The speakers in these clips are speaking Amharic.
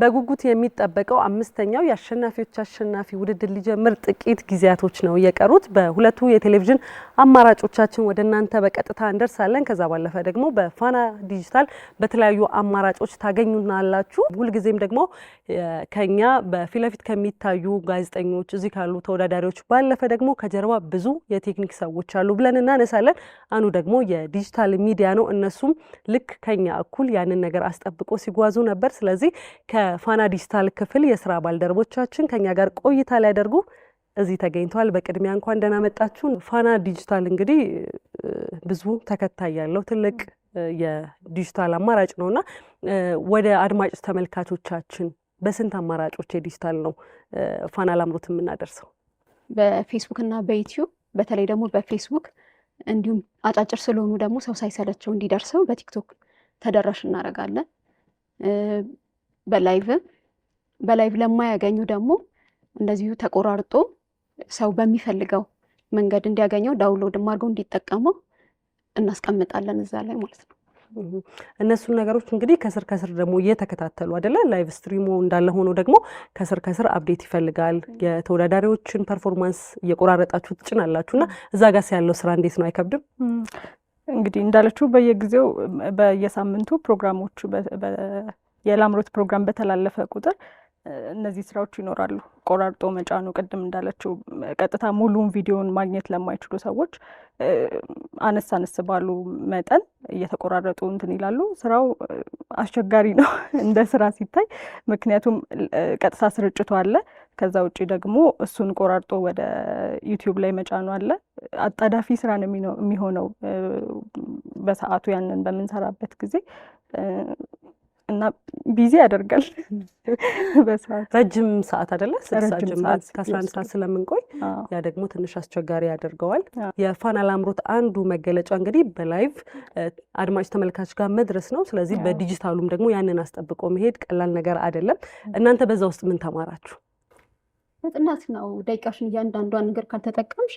በጉጉት የሚጠበቀው አምስተኛው የአሸናፊዎች አሸናፊ ውድድር ሊጀምር ጥቂት ጊዜያቶች ነው የቀሩት። በሁለቱ የቴሌቪዥን አማራጮቻችን ወደ እናንተ በቀጥታ እንደርሳለን። ከዛ ባለፈ ደግሞ በፋና ዲጂታል በተለያዩ አማራጮች ታገኙናላችሁ። ሁልጊዜም ደግሞ ከኛ በፊት ለፊት ከሚታዩ ጋዜጠኞች እዚህ ካሉ ተወዳዳሪዎች ባለፈ ደግሞ ከጀርባ ብዙ የቴክኒክ ሰዎች አሉ ብለን እናነሳለን። አኑ ደግሞ የዲጂታል ሚዲያ ነው። እነሱም ልክ ከኛ እኩል ያንን ነገር አስጠብቆ ሲጓዙ ነበር። ስለዚህ የፋና ዲጂታል ክፍል የስራ ባልደረቦቻችን ከኛ ጋር ቆይታ ሊያደርጉ እዚህ ተገኝተዋል። በቅድሚያ እንኳን ደህና መጣችሁ ፋና ዲጂታል እንግዲህ ብዙ ተከታይ ያለው ትልቅ የዲጂታል አማራጭ ነውና ወደ አድማጭ ተመልካቾቻችን በስንት አማራጮች የዲጂታል ነው ፋና ላምሮት የምናደርሰው? በፌስቡክ እና በዩትዩብ በተለይ ደግሞ በፌስቡክ እንዲሁም አጫጭር ስለሆኑ ደግሞ ሰው ሳይሰለቸው እንዲደርሰው በቲክቶክ ተደራሽ እናደርጋለን። በላይቭም በላይቭ ለማያገኙ ደግሞ እንደዚሁ ተቆራርጦ ሰው በሚፈልገው መንገድ እንዲያገኘው ዳውንሎድም አድርገው እንዲጠቀመው እናስቀምጣለን እዛ ላይ ማለት ነው። እነሱን ነገሮች እንግዲህ ከስር ከስር ደግሞ እየተከታተሉ አይደለ? ላይቭ ስትሪሙ እንዳለ ሆኖ ደግሞ ከስር ከስር አብዴት ይፈልጋል። የተወዳዳሪዎችን ፐርፎርማንስ እየቆራረጣችሁ ትጭናላችሁ እና እዛ ጋስ ያለው ስራ እንዴት ነው? አይከብድም? እንግዲህ እንዳለችው በየጊዜው በየሳምንቱ ፕሮግራሞቹ የላምሮት ፕሮግራም በተላለፈ ቁጥር እነዚህ ስራዎች ይኖራሉ። ቆራርጦ መጫኑ ቅድም እንዳለችው ቀጥታ ሙሉን ቪዲዮን ማግኘት ለማይችሉ ሰዎች አነስ አነስ ባሉ መጠን እየተቆራረጡ እንትን ይላሉ። ስራው አስቸጋሪ ነው እንደ ስራ ሲታይ፣ ምክንያቱም ቀጥታ ስርጭቱ አለ። ከዛ ውጭ ደግሞ እሱን ቆራርጦ ወደ ዩቲዩብ ላይ መጫኑ አለ። አጣዳፊ ስራ ነው የሚሆነው በሰዓቱ ያንን በምንሰራበት ጊዜ እና ቢዚ ያደርጋል። በሰዓት ረጅም ሰዓት አደለ ከአስራ አንድ ሰዓት ስለምንቆይ ያ ደግሞ ትንሽ አስቸጋሪ ያደርገዋል። የፋና ላምሮት አንዱ መገለጫ እንግዲህ በላይቭ አድማጭ ተመልካች ጋር መድረስ ነው። ስለዚህ በዲጂታሉም ደግሞ ያንን አስጠብቆ መሄድ ቀላል ነገር አይደለም። እናንተ በዛ ውስጥ ምን ተማራችሁ? ፍጥነት ነው። ደቂቃሽን እያንዳንዷን ነገር ካልተጠቀምሽ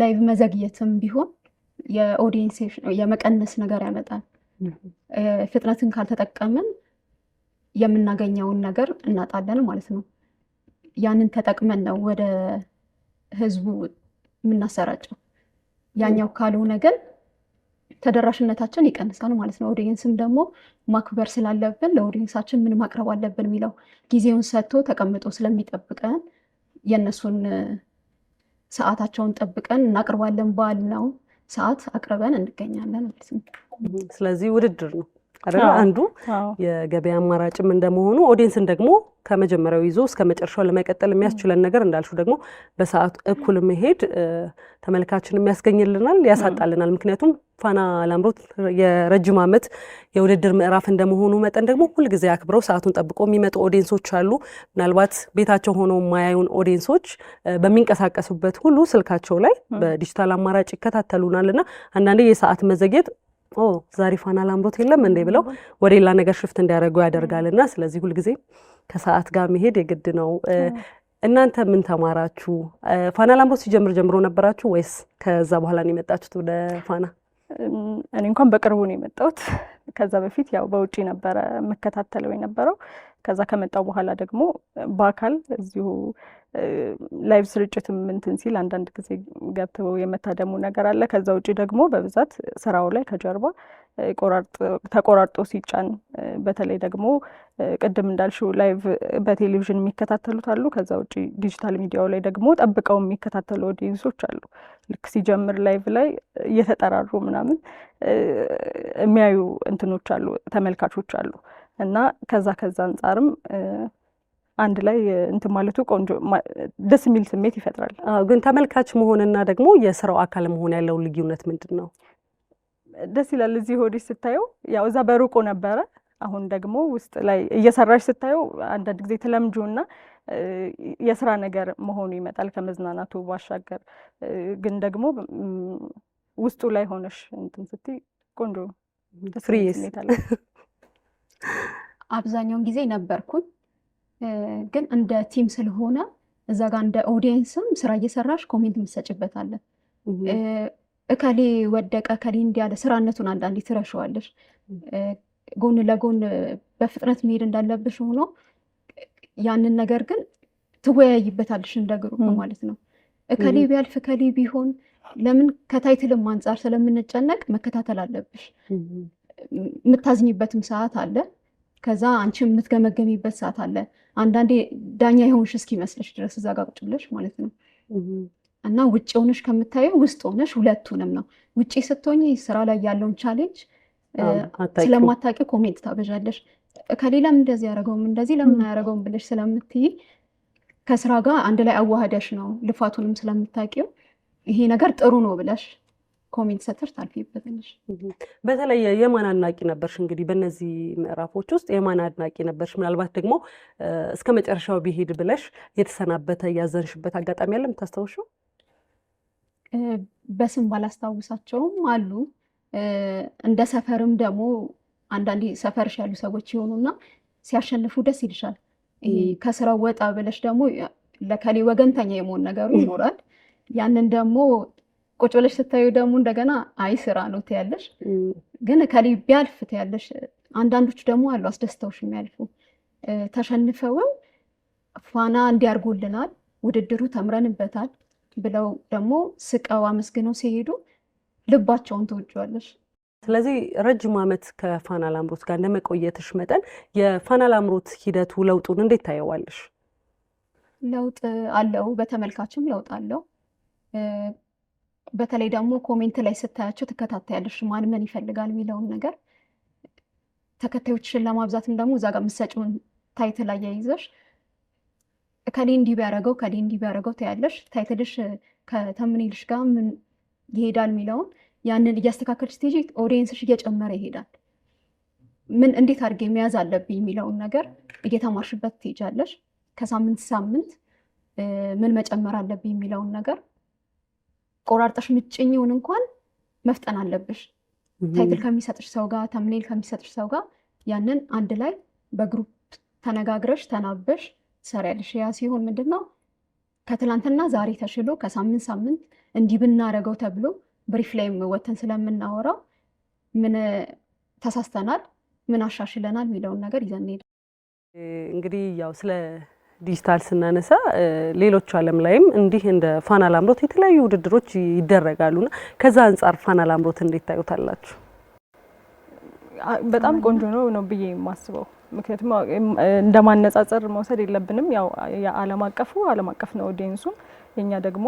ላይቭ መዘግየትም ቢሆን የኦዲየንስ የመቀነስ ነገር ያመጣል። ፍጥነትን ካልተጠቀምን የምናገኘውን ነገር እናጣለን ማለት ነው። ያንን ተጠቅመን ነው ወደ ህዝቡ የምናሰራጨው። ያኛው ካልሆነ ግን ተደራሽነታችን ይቀንሳል ማለት ነው። ኦዲየንስም ደግሞ ማክበር ስላለብን ለኦዲየንሳችን ምን ማቅረብ አለብን የሚለው ጊዜውን ሰጥቶ ተቀምጦ ስለሚጠብቀን የእነሱን ሰዓታቸውን ጠብቀን እናቅርባለን። በዓል ነው ሰዓት አቅርበን እንገኛለን ማለት ነው። ስለዚህ ውድድር ነው አንዱ የገበያ አማራጭም እንደመሆኑ ኦዲየንስን ደግሞ ከመጀመሪያው ይዞ እስከ መጨረሻው ለመቀጠል የሚያስችለን ነገር እንዳልሹ ደግሞ በሰዓቱ እኩል መሄድ ተመልካችን የሚያስገኝልናል፣ ያሳጣልናል። ምክንያቱም ፋና ላምሮት የረጅም ዓመት የውድድር ምዕራፍ እንደመሆኑ መጠን ደግሞ ሁልጊዜ አክብረው ሰዓቱን ጠብቆ የሚመጡ ኦዲንሶች አሉ። ምናልባት ቤታቸው ሆነው የማያዩን ኦዲንሶች በሚንቀሳቀሱበት ሁሉ ስልካቸው ላይ በዲጂታል አማራጭ ይከታተሉናል እና አንዳንዴ የሰዓት መዘግየት ኦ ዛሬ ፋና ላምሮት የለም እንዴ ብለው ወደ ሌላ ነገር ሽፍት እንዲያደርገው ያደርጋል እና ስለዚህ ሁልጊዜ ከሰዓት ጋር መሄድ የግድ ነው። እናንተ ምን ተማራችሁ? ፋና ላምሮት ሲጀምር ጀምሮ ነበራችሁ ወይስ ከዛ በኋላ ነው የመጣችሁት ወደ ፋና? እኔ እንኳን በቅርቡ ነው የመጣሁት። ከዛ በፊት ያው በውጭ ነበረ የምከታተለው የነበረው። ከዛ ከመጣው በኋላ ደግሞ በአካል እዚሁ ላይቭ ስርጭትም እንትን ሲል አንዳንድ ጊዜ ገብተው የመታደሙ ነገር አለ። ከዛ ውጭ ደግሞ በብዛት ስራው ላይ ከጀርባ ተቆራርጦ ሲጫን በተለይ ደግሞ ቅድም እንዳልሽው ላይቭ በቴሌቪዥን የሚከታተሉት አሉ። ከዛ ውጭ ዲጂታል ሚዲያው ላይ ደግሞ ጠብቀው የሚከታተሉ ኦዲየንሶች አሉ። ልክ ሲጀምር ላይቭ ላይ እየተጠራሩ ምናምን የሚያዩ እንትኖች አሉ፣ ተመልካቾች አሉ እና ከዛ ከዛ አንጻርም አንድ ላይ እንትን ማለቱ ቆንጆ ደስ የሚል ስሜት ይፈጥራል። ግን ተመልካች መሆንና ደግሞ የስራው አካል መሆን ያለው ልዩነት ምንድን ነው? ደስ ይላል። እዚህ ሆዲሽ ስታየው ያው እዛ በሩቁ ነበረ። አሁን ደግሞ ውስጥ ላይ እየሰራሽ ስታየው አንዳንድ ጊዜ ተለምጆና የስራ ነገር መሆኑ ይመጣል ከመዝናናቱ ባሻገር። ግን ደግሞ ውስጡ ላይ ሆነሽ እንትን ስትይ ቆንጆ ፍሪ ስሜት አለ። አብዛኛውን ጊዜ ነበርኩኝ ግን እንደ ቲም ስለሆነ እዛ ጋር እንደ ኦዲየንስም ስራ እየሰራሽ ኮሜንት የምትሰጭበታለን። እከሌ ወደቀ እከሌ እንዲያለ ስራነቱን አንዳንዴ ትረሸዋለሽ። ጎን ለጎን በፍጥነት መሄድ እንዳለብሽ ሆኖ ያንን ነገር ግን ትወያይበታለሽ እንደ ግሩፕ ማለት ነው። እከሌ ቢያልፍ እከሌ ቢሆን ለምን ከታይትልም አንጻር ስለምንጨነቅ መከታተል አለብሽ። የምታዝኝበትም ሰዓት አለ ከዛ አንቺ የምትገመገሚበት ሰዓት አለ። አንዳንዴ ዳኛ የሆንሽ እስኪመስለች ድረስ እዛ ጋር ቁጭ ብለሽ ማለት ነው። እና ውጭ ሆነሽ ከምታየው ውስጥ ሆነሽ ሁለቱንም ነው። ውጭ ስትሆኝ ስራ ላይ ያለውን ቻሌንጅ ስለማታውቂ ኮሜንት ታበዣለሽ። ከሌላም እንደዚህ ያደረገውም እንደዚህ ለምን አያደረገውም ብለሽ ስለምትይ ከስራ ጋር አንድ ላይ አዋህደሽ ነው ልፋቱንም ስለምታውቂው ይሄ ነገር ጥሩ ነው ብለሽ ኮሜንት ሰተር ታልፊበታለሽ። በተለይ የማን አድናቂ ነበርሽ? እንግዲህ በእነዚህ ምዕራፎች ውስጥ የማን አድናቂ ነበርሽ? ምናልባት ደግሞ እስከ መጨረሻው ቢሄድ ብለሽ የተሰናበተ እያዘንሽበት አጋጣሚ አለ የምታስታውሽው? በስም ባላስታውሳቸውም አሉ። እንደ ሰፈርም ደግሞ አንዳንድ ሰፈርሽ ያሉ ሰዎች የሆኑና ሲያሸንፉ ደስ ይልሻል። ከስራው ወጣ ብለሽ ደግሞ ለከሌ ወገንተኛ የመሆን ነገሩ ይኖራል። ያንን ደግሞ ቁጭ ብለሽ ስታዩ ደግሞ እንደገና አይ ስራ ነው ትያለሽ፣ ግን ከሌ ቢያልፍ ትያለሽ። አንዳንዶቹ ደግሞ አሉ አስደስተውሽ የሚያልፉ ተሸንፈውም ፋና እንዲያርጎልናል ውድድሩ ተምረንበታል ብለው ደግሞ ስቀው አመስግነው ሲሄዱ ልባቸውን ትውጪዋለሽ። ስለዚህ ረጅም ዓመት ከፋና ላምሮት ጋር እንደመቆየትሽ መጠን የፋና ላምሮት ሂደቱ ለውጡን እንዴት ታየዋለሽ? ለውጥ አለው፣ በተመልካችም ለውጥ አለው። በተለይ ደግሞ ኮሜንት ላይ ስታያቸው ትከታተያለሽ፣ ማን ምን ይፈልጋል የሚለውን ነገር ተከታዮችን ለማብዛትም ደግሞ እዛ ጋር የምትሰጪውን ታይትል አያይዘሽ ከሌ እንዲህ ቢያደርገው ከሌ እንዲህ ቢያደርገው ትያለሽ። ታይትልሽ ከተምኔልሽ ጋር ምን ይሄዳል የሚለውን ያንን እያስተካከልሽ ስትሄጂ ኦዲየንስሽ እየጨመረ ይሄዳል። ምን እንዴት አድርጌ መያዝ አለብኝ የሚለውን ነገር እየተማርሽበት ትሄጃለሽ። ከሳምንት ሳምንት ምን መጨመር አለብኝ የሚለውን ነገር ቆራርጠሽ ምጭኝውን እንኳን መፍጠን አለብሽ። ታይትል ከሚሰጥሽ ሰው ጋር፣ ተምኔል ከሚሰጥሽ ሰው ጋር ያንን አንድ ላይ በግሩፕ ተነጋግረሽ ተናበሽ ትሰሪያለሽ። ያ ሲሆን ምንድን ነው ከትላንትና ዛሬ ተሽሎ ከሳምንት ሳምንት እንዲህ ብናደርገው ተብሎ ብሪፍ ላይ ወተን ስለምናወራው ምን ተሳስተናል፣ ምን አሻሽለናል የሚለውን ነገር ይዘን ሄደ እንግዲህ ያው ስለ ዲጂታል ስናነሳ ሌሎች ዓለም ላይም እንዲህ እንደ ፋና ላምሮት የተለያዩ ውድድሮች ይደረጋሉና ከዛ አንጻር ፋና ላምሮት እንዴት ታዩታላችሁ? በጣም ቆንጆ ነው ነው ብዬ የማስበው ምክንያቱም እንደ ማነጻጸር መውሰድ የለብንም። ያው የዓለም አቀፉ ዓለም አቀፍ ነው ኦዲየንሱም የእኛ ደግሞ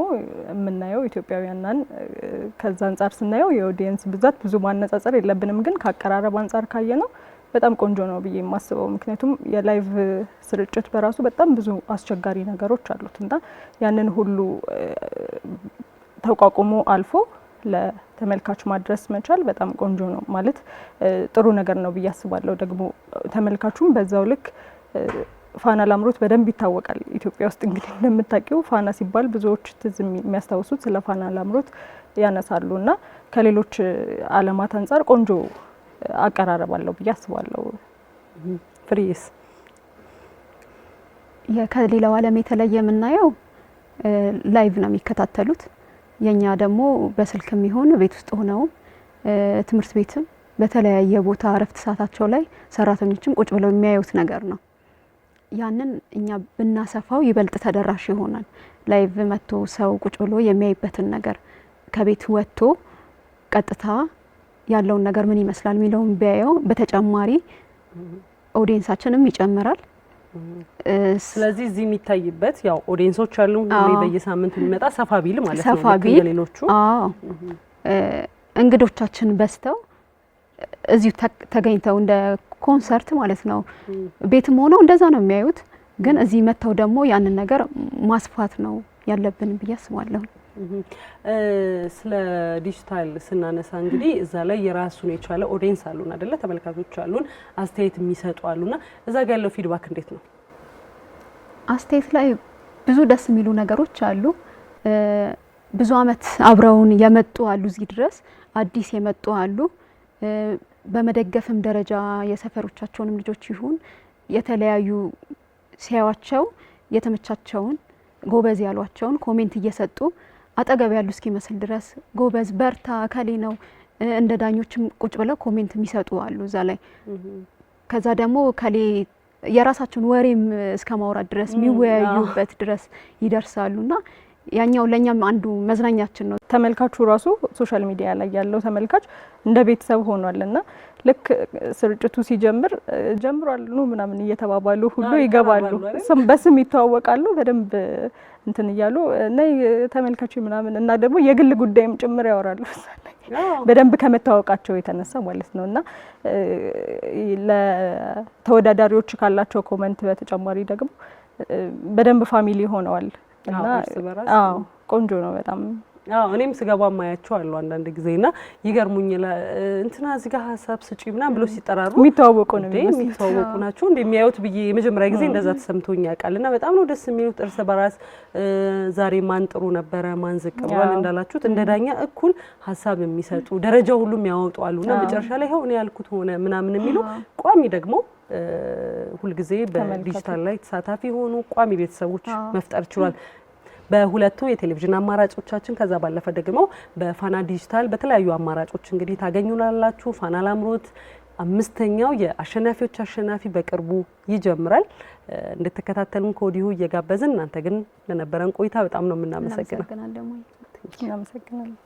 የምናየው ኢትዮጵያውያንን። ከዛ አንጻር ስናየው የኦዲየንስ ብዛት ብዙ ማነጻጸር የለብንም፣ ግን ከአቀራረብ አንጻር ካየ ነው በጣም ቆንጆ ነው ብዬ የማስበው ምክንያቱም የላይቭ ስርጭት በራሱ በጣም ብዙ አስቸጋሪ ነገሮች አሉት እና ያንን ሁሉ ተቋቁሞ አልፎ ለተመልካች ማድረስ መቻል በጣም ቆንጆ ነው ማለት ጥሩ ነገር ነው ብዬ አስባለሁ። ደግሞ ተመልካቹም በዛው ልክ ፋና ላምሮት በደንብ ይታወቃል። ኢትዮጵያ ውስጥ እንግዲህ እንደምታውቂው ፋና ሲባል ብዙዎች ትዝ የሚያስታውሱት ስለ ፋና ላምሮት ያነሳሉ እና ከሌሎች ዓለማት አንጻር ቆንጆ አቀራረብ አለው ብዬ አስባለሁ። ፍሪስ ከሌላው ዓለም የተለየ የምናየው ላይቭ ነው የሚከታተሉት። የኛ ደግሞ በስልክም ይሁን ቤት ውስጥ ሆነውም ትምህርት ቤትም በተለያየ ቦታ እረፍት ሰዓታቸው ላይ ሰራተኞችም ቁጭ ብለው የሚያዩት ነገር ነው። ያንን እኛ ብናሰፋው ይበልጥ ተደራሽ ይሆናል። ላይቭ መጥቶ ሰው ቁጭ ብሎ የሚያይበትን ነገር ከቤት ወጥቶ ቀጥታ ያለውን ነገር ምን ይመስላል የሚለውን ቢያየው በተጨማሪ ኦዲየንሳችንም ይጨምራል። ስለዚህ እዚህ የሚታይበት ያው ኦዲየንሶች አሉ በየሳምንት የሚመጣ ሰፋ ቢል ማለት ነው። ሰፋ ቢል ሌሎቹ እንግዶቻችን በዝተው እዚሁ ተገኝተው እንደ ኮንሰርት ማለት ነው። ቤትም ሆነው እንደዛ ነው የሚያዩት፣ ግን እዚህ መጥተው ደግሞ ያንን ነገር ማስፋት ነው ያለብን ብዬ አስባለሁ። ስለ ዲጂታል ስናነሳ እንግዲህ እዛ ላይ የራሱን የቻለ ኦዲየንስ አሉን አደለ? ተመልካቾች አሉን፣ አስተያየት የሚሰጡ አሉና እዛ ጋ ያለው ፊድባክ እንዴት ነው? አስተያየት ላይ ብዙ ደስ የሚሉ ነገሮች አሉ። ብዙ አመት አብረውን የመጡ አሉ፣ እዚህ ድረስ አዲስ የመጡ አሉ። በመደገፍም ደረጃ የሰፈሮቻቸውንም ልጆች ይሁን የተለያዩ ሲያዩዋቸው የተመቻቸውን ጎበዝ ያሏቸውን ኮሜንት እየሰጡ አጠገብ ያሉ እስኪመስል ድረስ ጎበዝ፣ በርታ፣ እከሌ ነው እንደ ዳኞችም ቁጭ ብለው ኮሜንት የሚሰጡ አሉ እዛ ላይ። ከዛ ደግሞ እከሌ የራሳቸውን ወሬም እስከ ማውራት ድረስ የሚወያዩበት ድረስ ይደርሳሉ እና። ያኛው ለእኛም አንዱ መዝናኛችን ነው። ተመልካቹ ራሱ ሶሻል ሚዲያ ላይ ያለው ተመልካች እንደ ቤተሰብ ሆኗል እና ልክ ስርጭቱ ሲጀምር ጀምሯል ኑ ምናምን እየተባባሉ ሁሉ ይገባሉ። በስም ይተዋወቃሉ በደንብ እንትን እያሉ እና ተመልካቹ ምናምን እና ደግሞ የግል ጉዳይም ጭምር ያወራሉ በደንብ ከመታወቃቸው የተነሳ ማለት ነው። እና ለተወዳዳሪዎች ካላቸው ኮመንት በተጨማሪ ደግሞ በደንብ ፋሚሊ ሆነዋል። እና ቆንጆ ነው በጣም እኔም ስገባ ማያቸው አሉ አንዳንድ ጊዜ ና ይገርሙኝ። እንትና እዚህ ጋር ሀሳብ ስጪ ምናም ብሎ ሲጠራሩ የሚተዋወቁ ነው የሚተዋወቁ ናቸው እንደ የሚያዩት ብዬ የመጀመሪያ ጊዜ እንደዛ ተሰምቶኝ ያውቃል። እና በጣም ነው ደስ የሚሉት እርስ በራስ ዛሬ ማን ጥሩ ነበረ ማን ዝቅ ብሏል እንዳላችሁት እንደ ዳኛ እኩል ሀሳብ የሚሰጡ ደረጃ ሁሉም ያወጡ አሉ እና መጨረሻ ላይ ይኸው እኔ ያልኩት ሆነ ምናምን የሚለው ቋሚ ደግሞ ሁልጊዜ በዲጂታል ላይ ተሳታፊ የሆኑ ቋሚ ቤተሰቦች መፍጠር ችሏል። በሁለቱ የቴሌቪዥን አማራጮቻችን ከዛ ባለፈ ደግሞ በፋና ዲጂታል በተለያዩ አማራጮች እንግዲህ ታገኙናላችሁ። ፋና ላምሮት አምስተኛው የአሸናፊዎች አሸናፊ በቅርቡ ይጀምራል። እንድትከታተሉን ከወዲሁ እየጋበዝን እናንተ ግን ለነበረን ቆይታ በጣም ነው የምናመሰግነው።